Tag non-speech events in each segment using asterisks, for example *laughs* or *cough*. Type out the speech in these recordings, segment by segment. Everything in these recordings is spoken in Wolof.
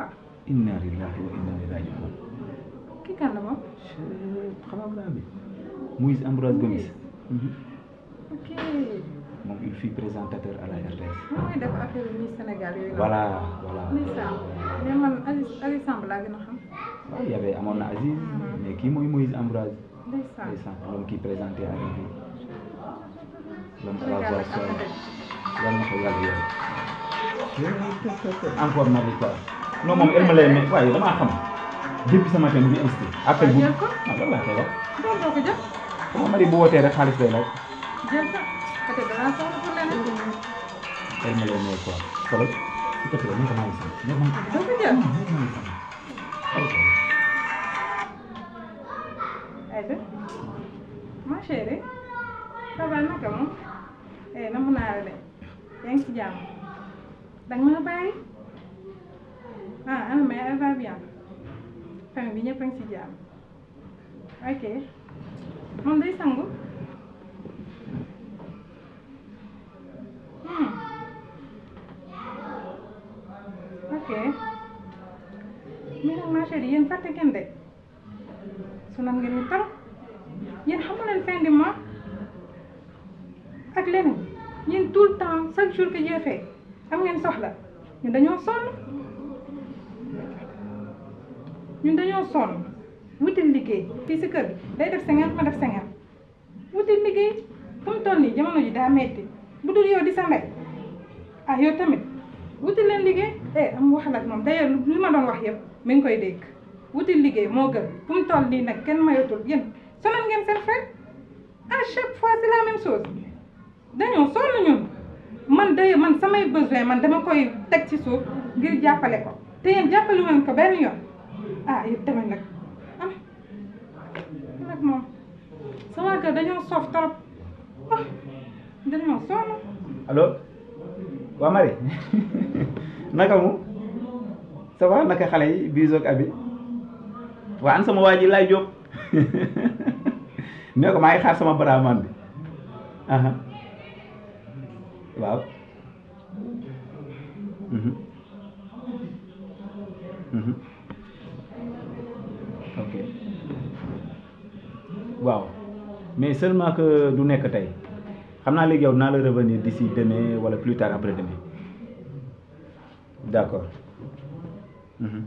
waaw. inna lillahi wa inna ilayhi raji'un. kii kan la moom. xabaar grand bi. Moïse Ambroise Gomis. Mhm. ok. moom il fut présentateur à la RTS. moom ah mooy def affaire bi Miss Sénégal yooyu. voilà voilà. mais man Aziz Aziz Samb laa gën a xam. waaw y'avait amoon na Aziz. Mhm. mais kii mooy Moïse Ambroise. ndeysaan moom kii présenté à la lan ko yàlla yàlla lan ko yàlla yàlla encore Marie non moom elle me lay mais waaye damaa xam depuis ce matin bu ah lan laa koy wax. ko mari bu wootee rek xaalis lay laaj. jël sa peut être danaa soxla pour leneen. elle me lay mais quoi xoolal su fekkee da ko ko ma chérie ça va eh namu naa la de yaa ci Ah, elle, mais elle va bien. Enfin, elle est bien. Ok. On des sango. Hmm. Ok. Mira, ma chérie, yéen fàtte ngeen de. Sonal ngeen ñu trop. Yéen xamu leen fin de mois. Ak leneen. Yéen tout temps, chaque jour que j'ai fait. Am ngeen soxla. Ñun dañoo ñun dañoo sonn wutil liggéey fii si kër gi day def cinquante ma def cinquante wutil liggéey fu mu toll nii jamono ji daa metti bu dul yow di sa ah yow tamit wutil leen liggéey eh am wax nag moom d'ailleurs li ma doon wax yëpp mi ngi koy dégg wutil liggéey moo gën fu mu toll nii nag kenn mayatul yéen sonal ngeen seen frère à chaque fois c'est la même chose dañoo sonn ñun man d'ailleurs man samay besoin man dama koy teg ci suuf ngir jàppale ko te yéen jàppale ko benn yoon. ah yëpp tamit nag am sama kër dañoo soof trop ah, dañoo sonn allo waa Marie *laughs* naka mu ça va naka xale yi bisoog abi waa an sama waa ji laay *laughs* jóg ne ko maa ngi xaar sama baraamaan bi aha waaw mhm, mhm. ok waaw mais seulement que du nek tay xam naa yow na la revenir d'ici demain wala plus tard après demain D'accord. accord mhm.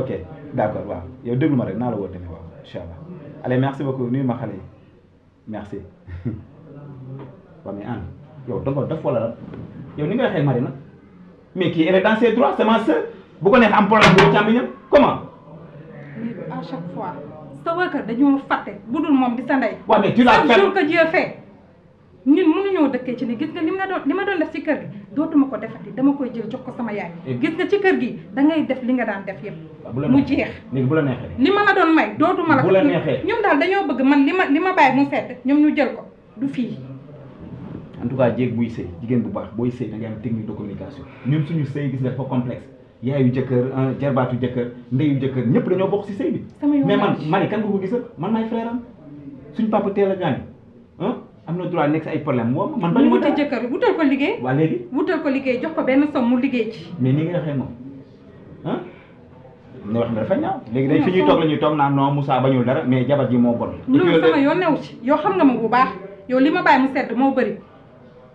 ok D'accord. accord waaw yow déglu ma rek na la wo demain waaw incha allez merci beaucoup nuyu ma xale merci *laughs* waaw mais Anne yow danga def wala la yow ni nga waxee Marie mais qui elle est dans ses droits c'est ma sœur bu ko neex am problème boo càmmiñam comment à chaque fois sa waa dañoo fàtte bu dul moom di sa ndey. waaw mais tu l'as fait jour que Dieu fait ñun mënuñoo dëkkee ci ne gis nga li ma doon ma doon def ci kër gi dootuma ko defati dama koy jël jox ko sama yaay. gis nga ci kër gi da ngay def li nga daan def yëpp. mu jeex léegi bu la neexee. li ma la doon may dootuma la. bu la neexee ñoom daal dañoo bëgg man li ma li ma bàyyi mu sedd ñoom ñu jël ko du fii. en tout cas jéeg buy sëy jigéen bu baax booy sëy da ngay am technique de suñu sëy gis nga yaayu jëkkër euh, jarbaatu jëkkër ndeyu jëkkër ñëpp dañoo bokk si sëy bi mais man mari kan nga ko gisal man maay frère am suñ papa teel a gaañ am na droit nekk si ay problème woo man bañu wutal jëkkër wutal ko liggéey waa léegi wutal ko liggéey jox ko benn somme mu liggéey ci mais ni nga waxee moom ah ne wax mi dafa ñaaw léegi dañ fi ñuy toog la ñuy toog naan non Moussa bañul dara mais jabar ji moo bon loolu sama yoon new ci yow xam nga ma bu baax yow li ma bàyyi mu sedd moo bëri